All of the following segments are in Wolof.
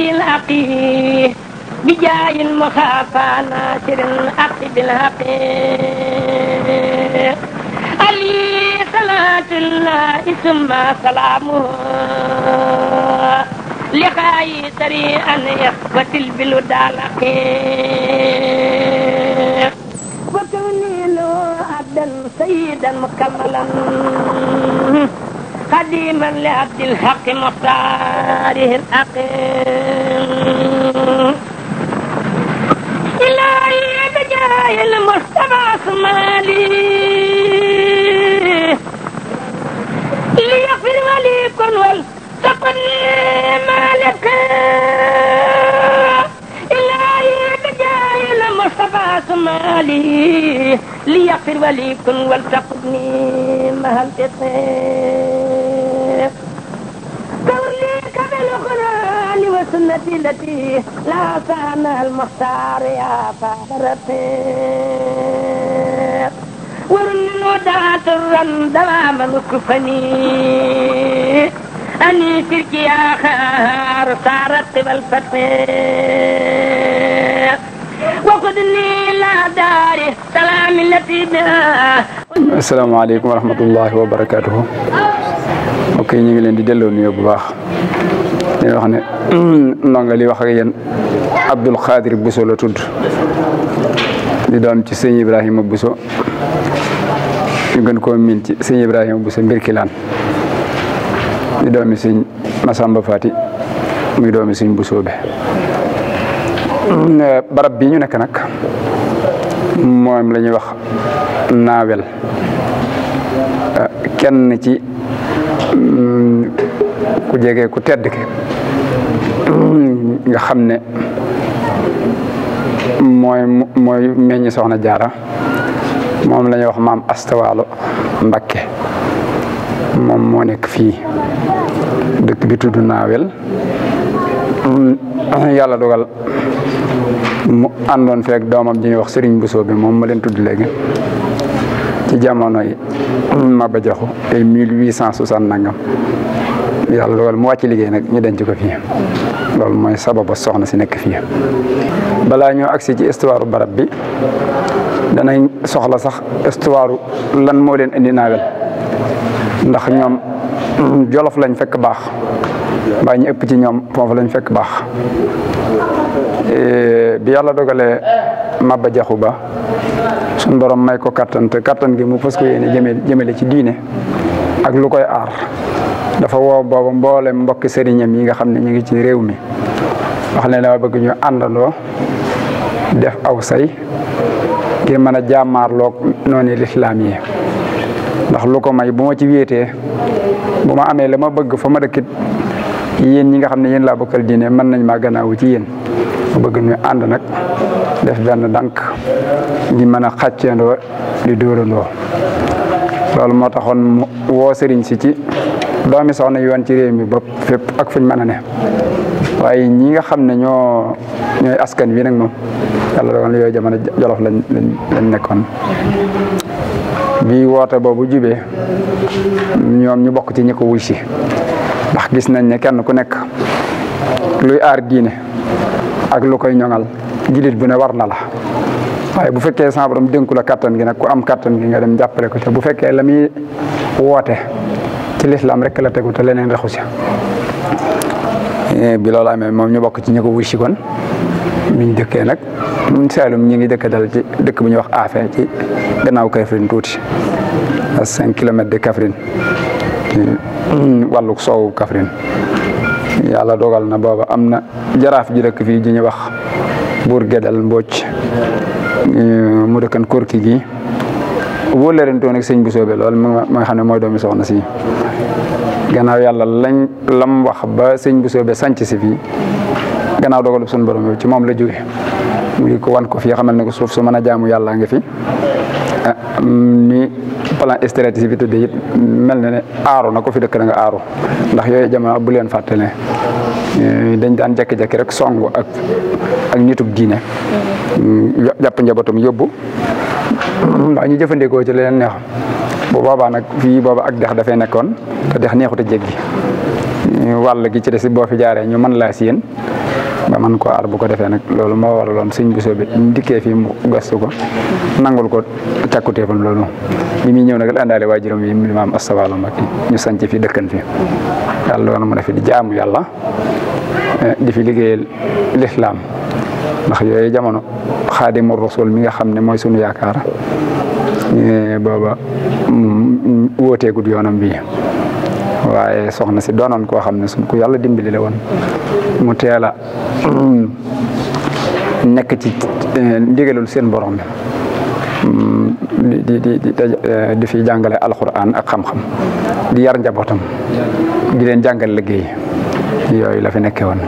في الحق بجاه المخافى ناصر الحق بالحق علي صلاة الله ثم سلامه لقاي سريعا يقتل بالودالق وكوني له عبدا سيدا مكملا قديما لعبد الحق مختاره الأقيم إلهي بجاه المصطفى صمالي ليغفر ولي كن والتقن مالك إلهي بجاه المصطفى صمالي ليغفر ولي كن والتقن مالك وسنتي التي لا كان المختار يا فارتي ورن الوداعة الرم دواما وكفني أني شركي آخر صارت قبل فتح وقدني لا داري سلام التي بها السلام عليكم ورحمة الله وبركاته ok ñu ngi leen di delloo nuyoo bu baax wax ne li mm, wax ak yéen Abdul Xaadir Buso la tudd di doom ci sëñ Ibrahima Buso ñu gën koo miin ci sëñ Ibrahima Buso mbir kilaan di doomi sëñ Masamba Faati muy doomi sëñ Buso bi mm, barab bi ñu nekk nag moom la ñuy wax naawel kenn ci mm, ku jege ku tedd ki nga xam ne mooy mooy meññi soxna jaara moom la wax maam astawaalo mbakke moom moo nekk fii dëkk bi tudd naawel yàlla dogal mu àndoon feek doomam ji ñuy wax sëriñ Bousso bi moom ma leen tudd léegi ci jamono yi Maba Jaxu ay mille huit cent soixante nangam yàlla dogal mu wàcc liggéey nag ñu denc ko fii loolu mooy sababa soxna si nekk fii balaa ñoo agsi ci histoire barab bi danañ soxla sax histoire lan moo leen indi naawel ndax ñoom jolof lañ fekk baax mbaa ëpp ci ñoom foofu lañ fekk baax e, bi yàlla dogale Maba Jaxu Ba suñ borom may ko kattan te kattan gi mu fës ko jëme jëmale jëmale ci diine ak lu koy aar dafa woo boobu mboolem mbokki sëriñam yi nga xam ne ñu ngi ci réew mi wax ne dama bëgg ñu àndandoo def aw say ngir mën a jàmmaarloog noonu lislaam yi ndax lu ko may bu ci wéetee bu ma amee la ma bëgg fa ma dëkkit yéen ñi nga xam ne yéen laa bokkal diine mën nañ maa gannaawu ci yéen ma bëgg ñu ànd nag def benn dànk di mën a xàccandoo di dóorandoo loolu moo taxoon woo sëriñ si ci doomi soxna yi woon ci réew mi bopp fépp ak fuñ mën a ne waaye ñi nga xam ne ñoo ñooy askan wi nag moom yàlla dogal na yooyu jamono jolof lañ nekkoon bi woote boobu jubee ñoom ñu bokk ci ñi ko wuy si ndax gis nañ ne kenn ku nekk luy aar diine ak lu koy ñoŋal jullit bu ne war na la waaye bu fekkee sa borom dénku la kattan gi nag ku am kattan gi nga dem jàppale ko te bu fekkee la muy woote ci lislaam rek la tegu te leneen raxu si eh, bi loolu amee moom ñu bokk ci ñu ko wusi kon miñ dëkkee nag ñun Saalum ñu ngi dëkk dal ci dëkk bu ñuy wax Afe ci gannaaw Kaffrine tuuti à cinq kilomètres de Kaffrine wàllu soowu Kaffrine yàlla dogal na booba am na jaraaf ji dëkk fii ji ñuy wax buur Gédal Mbocc eh, mu dëkkan Korki gi toon ak sëñ bu soobee lool ma nga xam ne mooy doomi soxna si gannaaw yàlla lañ lam wax ba sëñ bu soobee sanc si fii gannaaw dogalub suñu borom yow ci moom la jóge muy ko wan ko fii xamal ne ko suuf su mën a jaamu yàlla nga fi ah, ni plan stratégie bi tuddee it mel na ne aaru na ko fi dëkk da nga aaru ndax yooyu jamono bu leen fàttale eh, dañ daan jekki-jekki rek songu ak ak nitub diine mm-hmm. mm, jàpp njabootam yóbbu ndax ñu jëfandikoo ci leneen neex bu boobaa nag fi booba ak dex dafay nekkoon te dex neexut a jéggi wàll gi ci des boo fi jaaree ñu man laa si yéen ba mën koo aar bu ko defee nag loolu moo waraloon sëñ Bousso bi mu dikkee fi mu gastu ko nangul ko càkkuteefam loolu mi muy ñëw nag la àndaale waajuram yi mu maam astawaalo ma ñu sanc fi dëkkan fi yàlla woon mu ne fi di jaamu yàlla di fi liggéeyal lislaam ndax yooyu jamono xaadimu rasul mi nga xam ne mooy sunu yaakaar booba wóoteegut yoonam bi waaye soxna si doonan koo xam ne suñ ko yàlla dimbali la woon mu teel mm, nekk ci eh, ndigalul seen borom bi mm, di di di eh, di fi jàngale alxuraan ak xam-xam di yar njabootam di leen jàngal liggéey yooyu la fi nekkee woon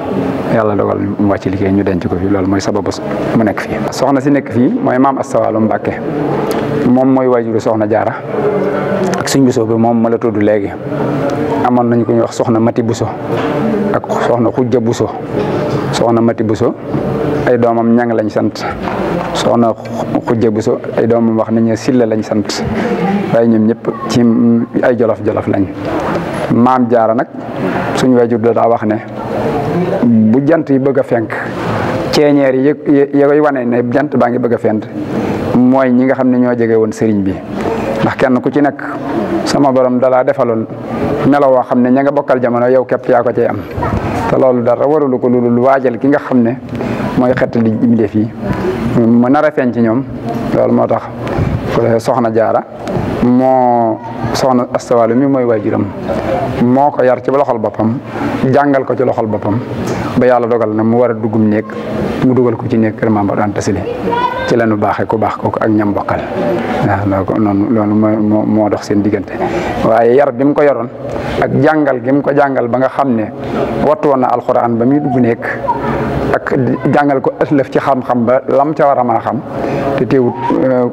yàlla dogal mu wàcc liggéey ñu denc ko fi lool mooy sababu mu nekk fii. soxna si nekk fii mooy maam Asta Walo moom mooy waajuru soxna jaara ak sëñ Bousso bi moom ma la tudd léegi amoon nañ ko ñuy wax soxna Mati buso ak soxna Xujja Bousso soxna Mati buso ay doomam ñang lañ sant soxna Xujja Bousso ay doomam wax nañ Silla lañ sant waaye ñoom ñëpp ci ay jolof-jolof lañ maam jaara nag suñu waajur da daa wax ne bu jant yi bëgg fenk ceeñeer yi yë yë wane ne jant baa ngi bëgg a fent mooy ñi nga xam ne ñoo jege woon sëriñ bi ndax kenn ku ci nekk sama borom dalaa defaloon melo woo xam ne ña nga bokkal jamono yow képp yaa ko cay am te loolu dara waralu ko loolu waajal ki nga xam ne mooy xet li mbindeef yi mu nar a feeñ ci ñoom loolu moo tax soxna jaara moo soxna astawalu mi mooy waajuram moo ko yar ci loxol boppam jàngal ko ci loxol boppam ba yàlla dogal na mu war a duggum néeg mu dugal ko ci néeg kër Maam Mor ci la nu baaxee ku baax ko ak ñam bokkal waaw noonu loolu moo moo seen diggante waaye yar bi ko yoroon ak jàngal gi ko jàngal ba nga xam ne wattu woon na alxuraan ba muy dugg nekk ak jàngal ko ëslëf ci xam-xam ba lam ca war a mën xam te teewut euh,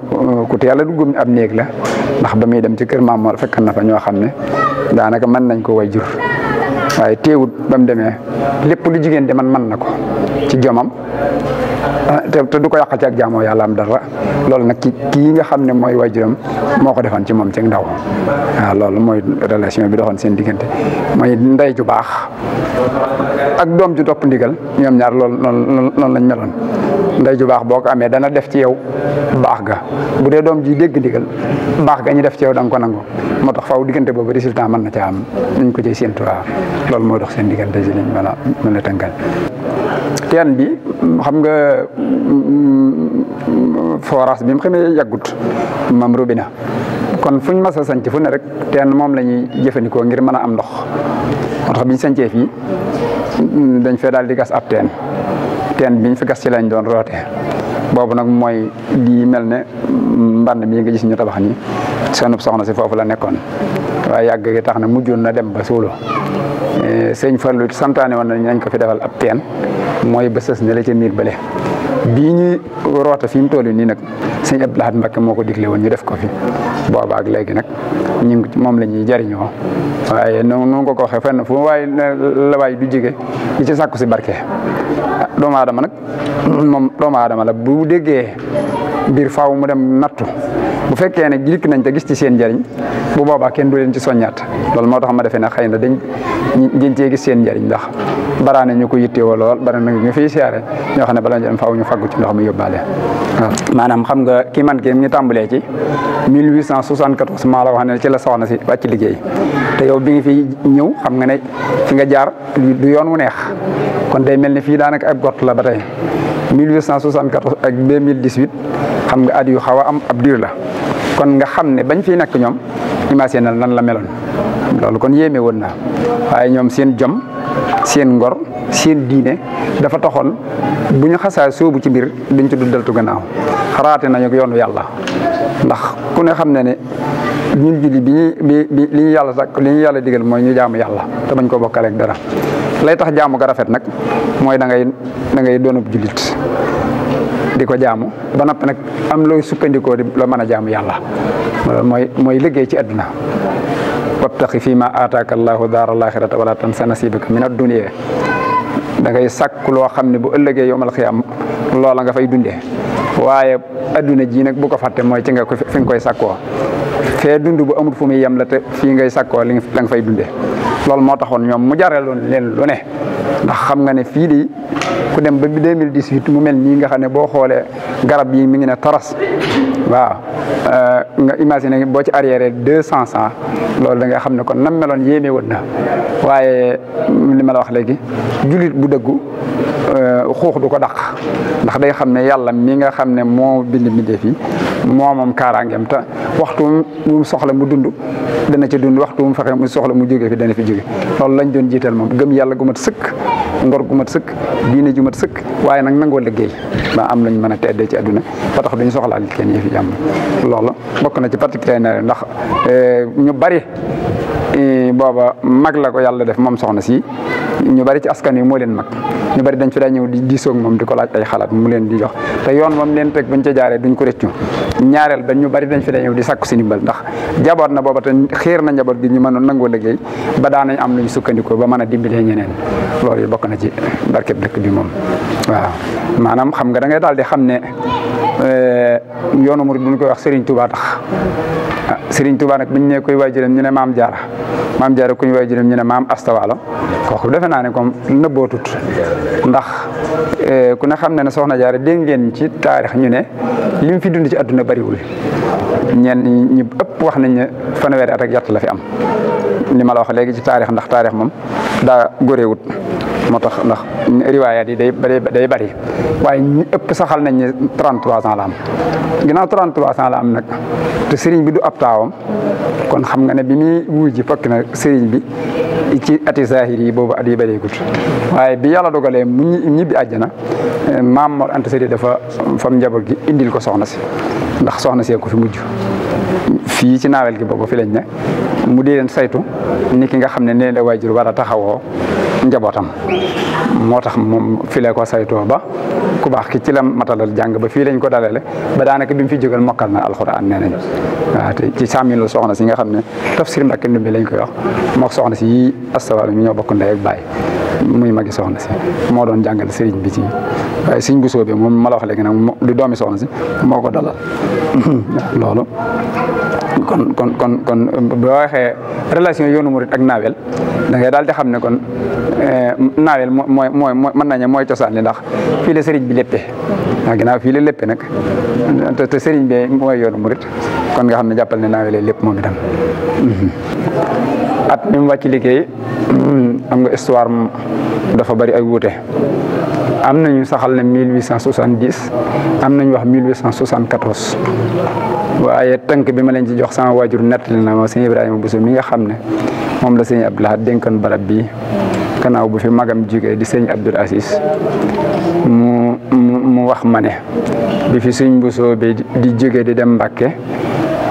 ku teel a duggum ab néeg la ndax ba muy dem ci kër Maam Mor fekk na ñoo xam ne daanaka mën nañ ko way waaye teewut ba mu demee lépp lu jigéen de man man na ko ci jomam Ah, te te du ko yàq ci ak jaamoo yàlla am dara loolu na ki kii nga xam ne mooy waajuram moo ko defan ci moom ci ndaw waaw ah, loolu mooy relation bi doxoon seen diggante mooy ndey ju baax ak doom ju topp ndigal ñoom ñaar lool noonu noonu lañ meloon ndey ju boo ko amee dana def ci yow baax ga bu dee doom ji dégg ndigal baax ga ñu def ci yow da nga ko nangu moo tax faaw diggante boobu résultat mën na ca am nuñ ko cay séentu a loolu moo dox seen diggante si liñ mën a mën teen bi xam nga forage bi mu xamee yàggut mam robina kon fuñ mas a sanc fu ne rek teen moom la ñuy jëfandikoo ngir mën a am ndox moo tax biñ sancee fii dañ fe daal di gas ab teen teen biñ fi gas ci lañ doon roote boobu nag mooy di mel ne mbànd mii nga gis ñu tabax ni seenub soxna si foofu la nekkoon waaye yàgg gi tax na mujjoon na dem ba solo sëñ Fallou santaane woon nañ nañ ko fi defal ab teen mooy bësës ne la ca miir bële bii ñuy roota fi mu toll nii nag sëñ Abdou Lahad Mbacké moo ko digle woon ñu def ko fi booba ak léegi nag moom la ñuy jariñoo waaye no nu ko ko waxee fenn fu la waay du jige li ci sàkku si barke ah, doomu aadama nag moom doomu aadama la bu déggee mbir faaw mu dem nattu bu fekkee ne dikk nañ te gis ci seen njariñ bu boobaa kenn du leen ci soññaat loolu moo tax ma defee na xay na dañ ngeen cee gis seen njariñ ndax baraane ñu ko yittewoo lool bari na ñu fi siyaare ñoo xam ne bala ñu dem ñu faggu ci ndox mi yóbbaale waaw maanaam xam nga kii man kii ñu tàmbalee ci 1874 maa la wax ne ci la soxna si wàcc liggéey te yow bi nga fi ñëw xam nga ne fi nga jaar du yoon wu neex kon day mel ni fii daanaka ab got la ba tey 1874 ak 2018 xam nga at yu xaw a am ab diir la kon nga xam ne bañ fi nekk ñoom imagine na nan la meloon loolu kon yéeme woon na waaye ñoom seen jom seen ngor seen diine dafa taxoon bu ñu xasaa sóobu ci mbir duñ ci du deltu gannaaw xaraate nañu yoonu yàlla ndax ku ne xam ne ne ñun julli bi ñuy li ñu yàlla sàkk li ñu yàlla digal mooy ñu jaamu yàlla te bañ koo bokkaleeg dara lay tax jaamu ga rafet nag mooy da ngay da ngay doonub jullit di ko jaamu ba noppi nag am looy sukkandikoo di loo mën a jaamu yàlla mooy mooy liggéey ci àdduna wabtaqi fii ma aataaka allahu daara alaxirata wala tansa nasibaka min addunia da ngay sàkk loo xam ne bu ëllëgee yowmal am loola nga fay dunde waaye adduna ji nag bu ko fàtte mooy ci nga ko fi nga koy sàkkoo fee dund bu amul fu muy yem la te fii ngay sàkkoo li nga fay dundee loolu moo taxoon ñoom mu jaraloon leen lu ndax xam nga ne fii di ku dem ba bi 2018 mu mel nii nga xam ne boo xoolee garab yi mi ngi ne taras waaw euh, nga imaginer boo ci arrière deux cent cent loolu da nga xam ne kon nam meloon yéeme woon na waaye li ma la wax léegi jullit bu dëggu euh, xuux du ko daq ndax day xam ne yàlla mi nga xam ne moo bind mbindeef yi moo moom kaaraangeem te waxtu wu mu soxla mu dund dana ci dund waxtu mu fexe mu soxla mu jóge fi dana fi jóge loolu lañ doon jiital moom gëm yàlla gu mat sëkk ngor gu mat sëkk diine ju mat sëkk waaye nag nangoo liggéey ba am lañ mën a teddee ci àdduna ba tax duñu soxlaal kenn yëfi jàmm loolu bokk na ci particulier ndax eh, ñu bari Eh, booba mag la ko yàlla def moom soxna si ñu bari ci askan wi moo leen mag ñu bari dañ fi daa ñëw di diisoog moom di ko laaj ay xalaat mu leen di jox te yoon moom leen teg bañ ca jaaree duñ ko rëccu ñaareel ba ñu bari dañ fi daa ñëw di sakku si ndimbal ndax jaboot na booba te xiir na jaboot gi ñu mënoon nangoo liggéey ba daanañ am lu ñu sukkandikoo ba mën a dimbalee ñeneen loolu bokk na ci barkeb dëkk bi moom waaw maanaam xam nga da daal di xam ne eh, yoonu murid bu koy wax Serigne Touba Serigne Touba nag biñ ne koy waajuram ñu ne maam jaara maam jaara kuñ waajuram ñu ne maam astawaalo kooku defe naa ne comme nëbbootut ndax eh, ku ne xam ne ne soxna jaara dégg ngeen ci taarix ñu ne li mu fi dund ci àdduna bariwul ñenn ñi ëpp wax nañ ne fanweeri at ak la fi am li ma la wax léegi ci taarix ndax taarix moom daa góorewut moo tax ndax riwaayaat yi day day bari waaye ñi ëpp saxal nañ ne 33 ans la am ginnaaw 33 ans la am nag te sëriñ bi du ab taawam kon xam nga ne bi muy wuuj ji fekk na sëriñ bi ci ati zahir yi boobu at yi bëreegut waaye bi yàlla dogalee mu ñibbi àjjana eh, maam Mor Anta Sali dafa fam njaboot gi indil ko soxna si ndax soxna see ko fi mujj fii ci naawel gi boobu fi lañ ne mu dee leen saytu ni ki nga xam ne nee la waajur war a taxawoo njabootam moo tax moom fi la ko saytoo ba ku baax ki ci la matalal jàng ba fii lañ ko dalale ba daanaka bim mu fi jógal mokkal na alxuraan nee nañ waaw te ci saamil soxna si nga xam ne tafsir Mbàkke Ndumbe lañ koy wax mook soxna si yii astawaal mi ñoo bokk ndey ak baay muy magi soxna si moo doon jàngal sëriñ bi ci waaye sëñ bu soobee moom ma la wax moo di doomi soxna si moo ko dalal hmm. loolu kon kon kon kon boo relation yoonu murit ak naawel da ngay daal di xam ne kon eh, naawel mooy man na nañu mooy cosaan li ndax fii la sëriñ bi léppee waaw ginnaaw fii la nag te sëriñ bi mooy yoonu murit kon nga xam ne jàppal ne naawel lépp moom itam hmm. at mi mu hmm, am nga histoire dafa bari ay wuute am nañu saxal ne 1870 am nañu wax 1874 waaye tënk bi ma leen ci jox sama waajur nettali na ma sëñ Ibrahima Bousso mi nga xam ne moom la sëñ Abdou Lahad dénkoon barab bi gannaaw bu fi magam jugee di sëñ Abdoul Aziz mu mu wax ma ne bi fi sëñ Bousso bi di jóge di dem Mbàkke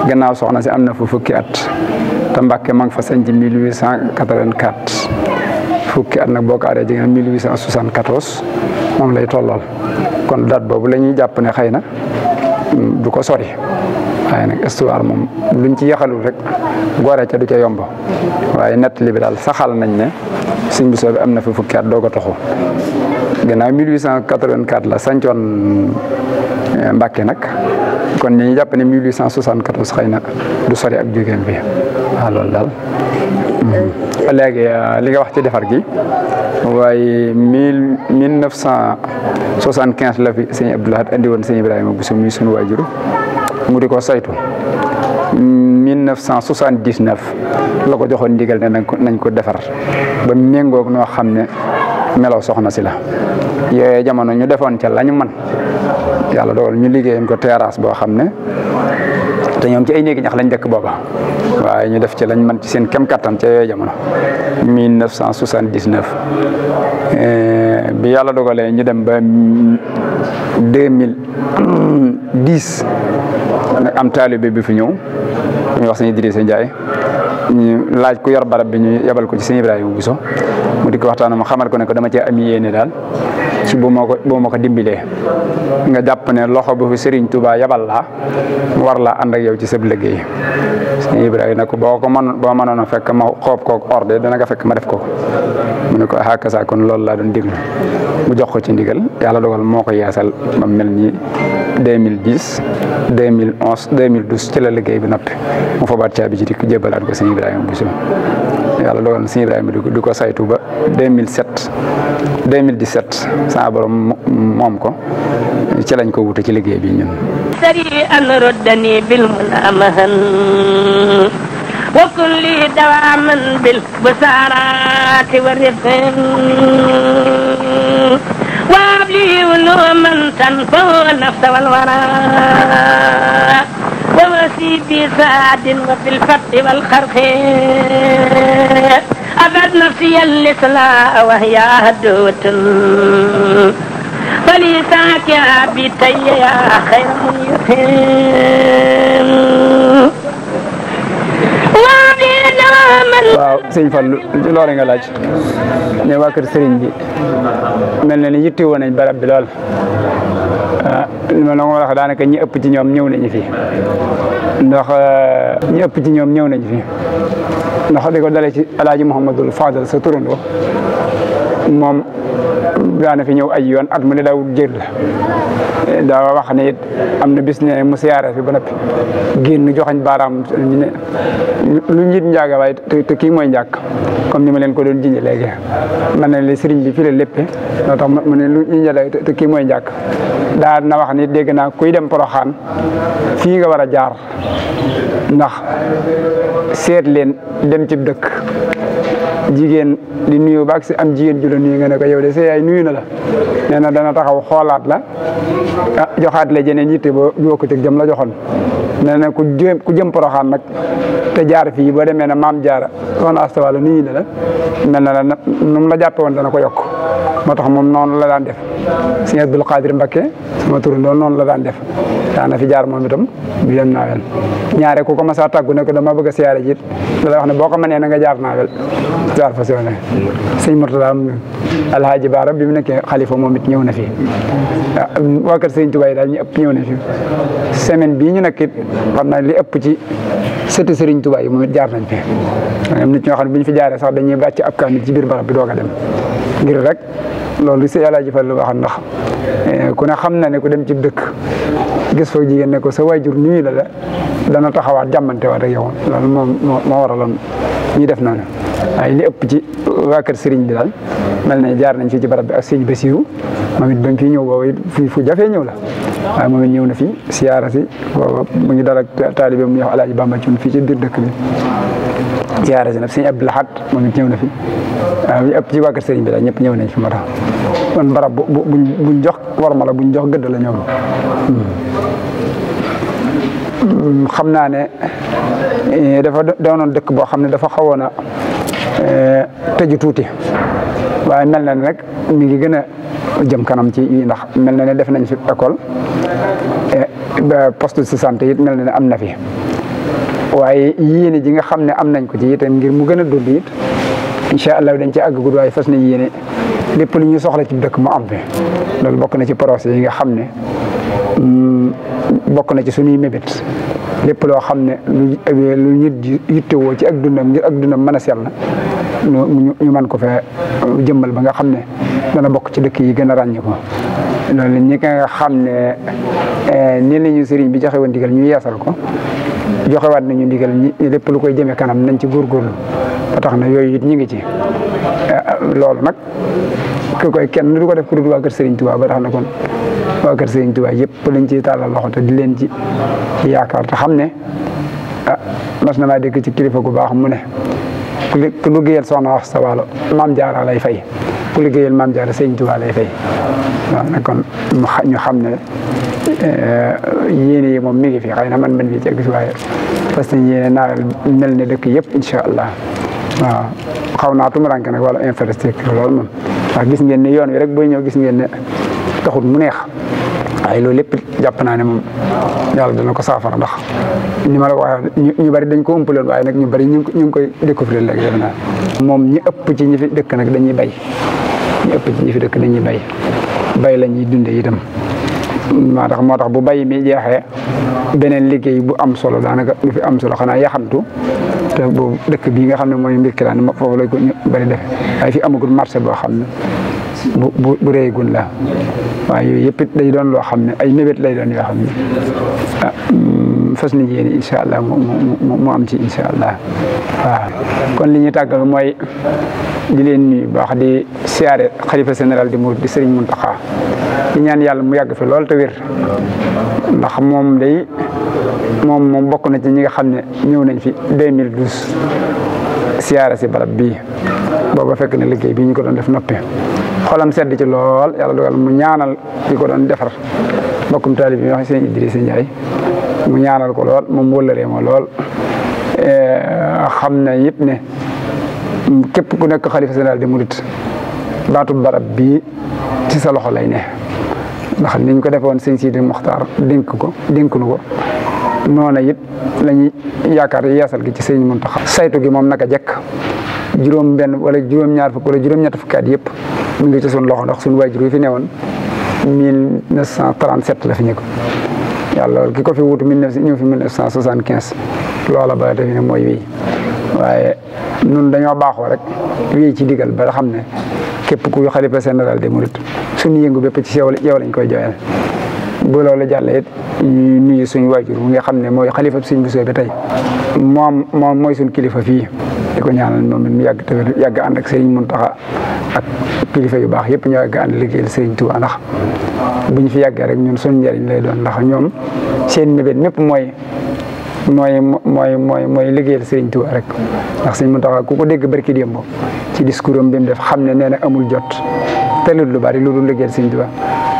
gannaaw soxna si am na fa fukki at te Mbàkke ma ngi fa sanc 1884 fukki at nag boo ko a ji nga xam 1874 moom lay tollool kon date boobu lañuy ñuy jàpp ne xëy na mm, du ko sori waaye nag histoire moom luñ ci yaxalul rek gore ca du ca yomb waaye nett li bi daal saxal nañ ne Sëñ Bousso bi am na fi fukki at doog a toxu gannaaw 1884 la sancoon eh, Mbàkke nag kon ñu jàpp ne 1874 xëy na du sori ak jógeem bi waaw loolu daal mm. a léegi euh, li nga wax ci defar gi waaye mille mille neuf cent soixante quinze la fi sëñ a Lahad andi woon sëñ Ibrahima Bousso muy sunu waajuru mu di ko saytu. 1979 la ko joxoon ndigal ne nañ ko defar ba méngoog noo xam ne melaw soxna si la yooyu jamono ñu defoon ca lañu man yàlla dogal ñu liggéeyoon ko terrasse boo xam ne te ñoom ci ay néegi ñax lañ dekk booba waa ñu def ci lañ man ci seen kem kattan ca yooyu jamono 1979 eh, bi yàlla dogalee ñu dem ba 2010 nag am taalibe bi fi ñëw ñu wax sëñ Idrissa Ndiaye ñu laaj ku yar barab bi ñu yebal ko ci sëñ wu Bousso mu di ko waxtaan ma xamal ko ne ko dama cee am yéene daal ci bu ma ko ma ko dimbilee nga jàpp ne loxo bu fi Serigne tubaa yabal laa war laa ànd ak ci sab liggéey sëñ Ibrahima nag boo ko mën boo mënoon a fekk ma xoob kook ordre dana nga fekk ma def ko mu ne ko xaakasa kon loolu laa doon déglu mu jox ko ci ndigal yàlla dogal moo ko yeesal ba mel ni 2010 2011 2012 ci la liggéey bi noppi mu fabaat caabi ji di ko jébbalaat ko sëñ Ibrahima Bousso yàlla dogal na sëñ Ibrahima di ko saytu ba 2007 2017 sama borom moom ko ci lañ ko wute ci liggéey bi ñun sari an roddani bil munamahan wa kulli dawaman bil busarati wa rifin وابلي ولو من تنفو النفس والورى بفاد وبالفتح والخرق أبعد نفسي الإسلاء وهي هدوة فليساك يا بيتي يا خير منيتين waaw sëñ Fallu loolu nga laaj ne waa kër sëriñ bi mel na ni yitte woon nañ barab bi lool ah li ma la wax daanaka ñi ëpp ci ñoom ñëw nañu fi ndax euh, ñëpp ci ñoom ñëw nañ fi ndax di ko dalee ci alaaji Mouhamadul Fadal sa turandoo moom daana fi ñëw ay yoon at mu ne daawul jër la daa wax ne it am na bis ne mu siyaare fi ba noppi génn joxañ baaraam ñu ne lu njiit njaaga te kii mooy njàkk comme ni ma leen ko doon jinje léegi man ne la sëriñ bi fi la léppe noo tax mu ne lu ñu njëla te kii mooy njàkk daa na wax ne dégg naa kuy dem poroxaan fii nga war a jaar ndax seet leen dem ci dëkk jigéen di nuyu ba am jigéen ju la nga ne ko yow de sa yaay nuyu na la nee na dana taxaw xoolaat la ah joxaat la jeneen yitte ba bokkut ak jëm la joxoon. nee na ku jëm ku jëm poroxaan nag te jaar fii boo demee ne maam jaara soxna Asta Walo nuyu na la mel na la nu la jàppe woon dana ko yokk. moo tax moom noonu la daan def si Abdul Qadir Mbakke sama tur loolu noonu la daan def daana fi jaar moom itam bi dem naawel ñaare ku ko mas a tàggu ne ko dama bëgg a siyaare jiit da lay ne boo ko mënee na nga jaar naa jaar fa sione sëñ Murtada Alhaaji Baara bi mu nekke xalifa moom it ñëw na fi waa kër sëñ Tuubaa daal ñu ëpp ñëw na fi semaine bii ñu nekk it naa li ëpp ci sëti sëriñ Tuubaa yi moom it jaar nañ fi am nit ñoo xam ne ñu fi jaaree sax dañuy bàcc ab kaamil ci biir barab bi doog a dem ngir rek loolu si yàlla jëfal lu baax ndax eh, ku ne xam na ne ku dem ci dëkk gis foog jigéen ne ko sa waajur nii la la dana taxawaat jàmmante waat ak yow loolu moom moo waraloon ñi def noonu waaye li ëpp ci waa kër sëriñ bi daal mel ne jaar nañ fii ci barab bi ak sëriñ Basiru moom it ba mu fi ñëw boobu fii fu jafee ñëw la waaye moom it ñëw na fi siyaara si booba mu ngi dal ak taalibe mu ñuy wax Alaaji Bamba Cuun fii ci biir dëkk bi ziyaare si nag sëñ Abdou Lahad moom it ñëw na fi waaw ëpp ci waa kër sëriñ ñëpp ñëw nañ fi moo tax jox warma buñ jox gëdd la naa ne eh, dafa dëkk boo xam ne dafa xawoon a eh, tëju tuuti waaye mel na nag mi ngi gën a jëm kanam ci ndax mel na ne def nañ fi école eh, poste de santé it mel na ne am na fi waaye yéene ji nga xam ne am nañ ko ci itam ngir mu gën a dund it incha allah dañ ci àggagud waaye fas na yéene lépp lu ñu soxla ci dëkk mu am fi loolu bokk na ci procès yi nga xam ne mm, bokk na ci suñuy mébét lépp loo xam ne lu lu nit yittewoo ci ak dundam ak dundam mën a sell ñu ñu mën ko fee uh, jëmmal ba nga xam ne dana bokk ci dëkk yi gën a ràññi ko loolu xam ne eh, ni la ñu bi joxe woon ñu yeesal ko joxewaat nañu ndigal ñi lépp lu koy jëmee kanam nañ ci góorgóorlu ba tax na yooyu it ñu ngi ci eh, loolu nag ku koy kenn du ko def ku dul waa kër Serigne Touba ba tax na kon waa kër Serigne Touba lañ ciy tàllal loxo te di leen ci yaakaar te xam ne a ah, mas na maa dégg ci kilifa gu baax mu ne ku liggéeyal soxna wax sa wàll maam jaara fay ku liggéeyal maam jaara Serigne Touba lay fay waaw kon ñu xam ne Euh, yéene yi moom mi ngi fi xëy na man man mi ci egg si waaye parce que yéene naawel mel ne dëkk yëpp incha allah waaw xaw naa tumuranke nag wala infrastructure loolu moom ndax gis ngeen ne yoon wi rek booy ñëw gis ngeen ne taxul mu neex waaye loolu lépp jàpp naa ne moom yàlla dana ko saafara ndax ni ma la ko waxee ñu bari dañ ko ëmpaloon waaye nag ñu bari ñu ngi koy découvrir léegi def naa moom ñi ëpp ci ñi fi dëkk nag dañuy bay ñi ëpp ci ñi fi dëkk dañuy bay bay la ñuy dundee itam maa tax moo tax bu bay mi jeexee beneen liggéey bu am solo daanaka du fi am solo xanaa yaxantu te boobu dëkk bii nga xam ne mooy mbir kilaan ma foofu lañ ko ñu bëri fi amagul marché boo xam ne bu bu bu la waaye yooyu yëpp day doon loo xam ne ay mébét lay doon yoo xam ne ah, mm. fas nañ yéene incha allah mu mu am ci incha allah waaw. kon li ñu tàggal mooy di leen nuyu baax di siyaare xalifa général di Mouride di Serigne Mountakha di ñaan yàlla mu yàgg fi lool te wér ndax moom day moom moom mbokk na ci ñi nga xam ne ñëw nañ fi 2012 siyaare si barab bii booba fekk na liggéey bii ñu ko doon def noppi. xolam sedd ci lool yàlla dogal mu ñaanal di ko doon defar mbokkum taalib bi wax sëñ Idrissa Ndiaye mu ñaanal ko lool moom ree ma lool eh, xam na yëpp ne képp ku nekk xalifa général di murit baatu barab bii ci sa loxo lay ne ni ñu ko defoon sëñ Sidi Moxtaar dénk ko dénk nu ko noona it lañuy yaakaar yeesal gi ci sëñ Muntaxa saytu gi moom naka jekk juróom benn wala juróom ñaar fukk wala juróom ñett fukki at yëpp mu ngi ci suñ loxo ndax suñ waajur yi fi newoon 1937 la fi ñëw yàlla ki ko fi wutu mille neuf ñëw fi mille neuf cent soixante quinze loola ba defe ne mooy wii waaye nun dañoo baaxoo rek wéy ci digal ba xam ne képp ku xalifa général des mourides suñu yëngu bépp ci yow yow lañ koy jooyal bu loolu jàllee it ñu nuyu suñu waajur mu nga xam ne mooy xalifa suñ bu sooy ba tey moom moom mooy suñ kilifa fii di ko ñaanal moom it mu yàgg te yàgg ànd ak Serigne Mountakha ak kilifa yu baax yëpp ñoo yàgg ànd liggéeyal Sëriñ Tuuba ndax bu fi yàggee rek ñun suñu njëriñ lay doon ndax ñoom seen mébét mépp mooy mooy mooy mooy mooy liggéeyal Sëriñ Tuuba rek ndax Sëriñ Muntaxa ku ko dégg barki démb ci discours am bi mu def xam ne nee na amul jot te lu bari lu dul liggéeyal Sëriñ Tuuba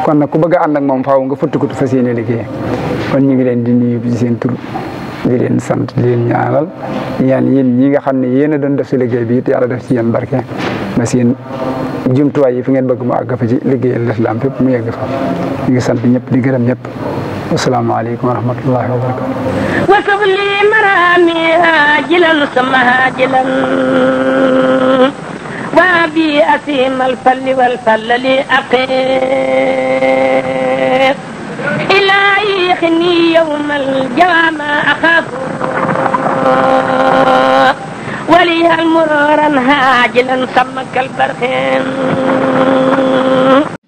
kon nag ku bëgg a moom ak moom faaw nga fëttukutu fas yéene liggéey kon ñu ngi leen di nuyu ci seen tur di sant di leen ñaanal ñaan ñi nga xam ne yéen a doon def si liggéey bi it def ci yéen barke jumtuwaay yi fi ngeen bëgg mu àgg fa ci liggéeyal lislaam fépp mu yegg fa ñu ngi sant ñëpp di gërëm ñëpp asalaamaaleykum wa rahmatullahi wa barakatu wasuf li marami ajilan sama ajilan waa bi asim alfalli walfallali aqir ilaahi xini yowma aljawama axaafu وليها المرورا هاجلا سمك البرخين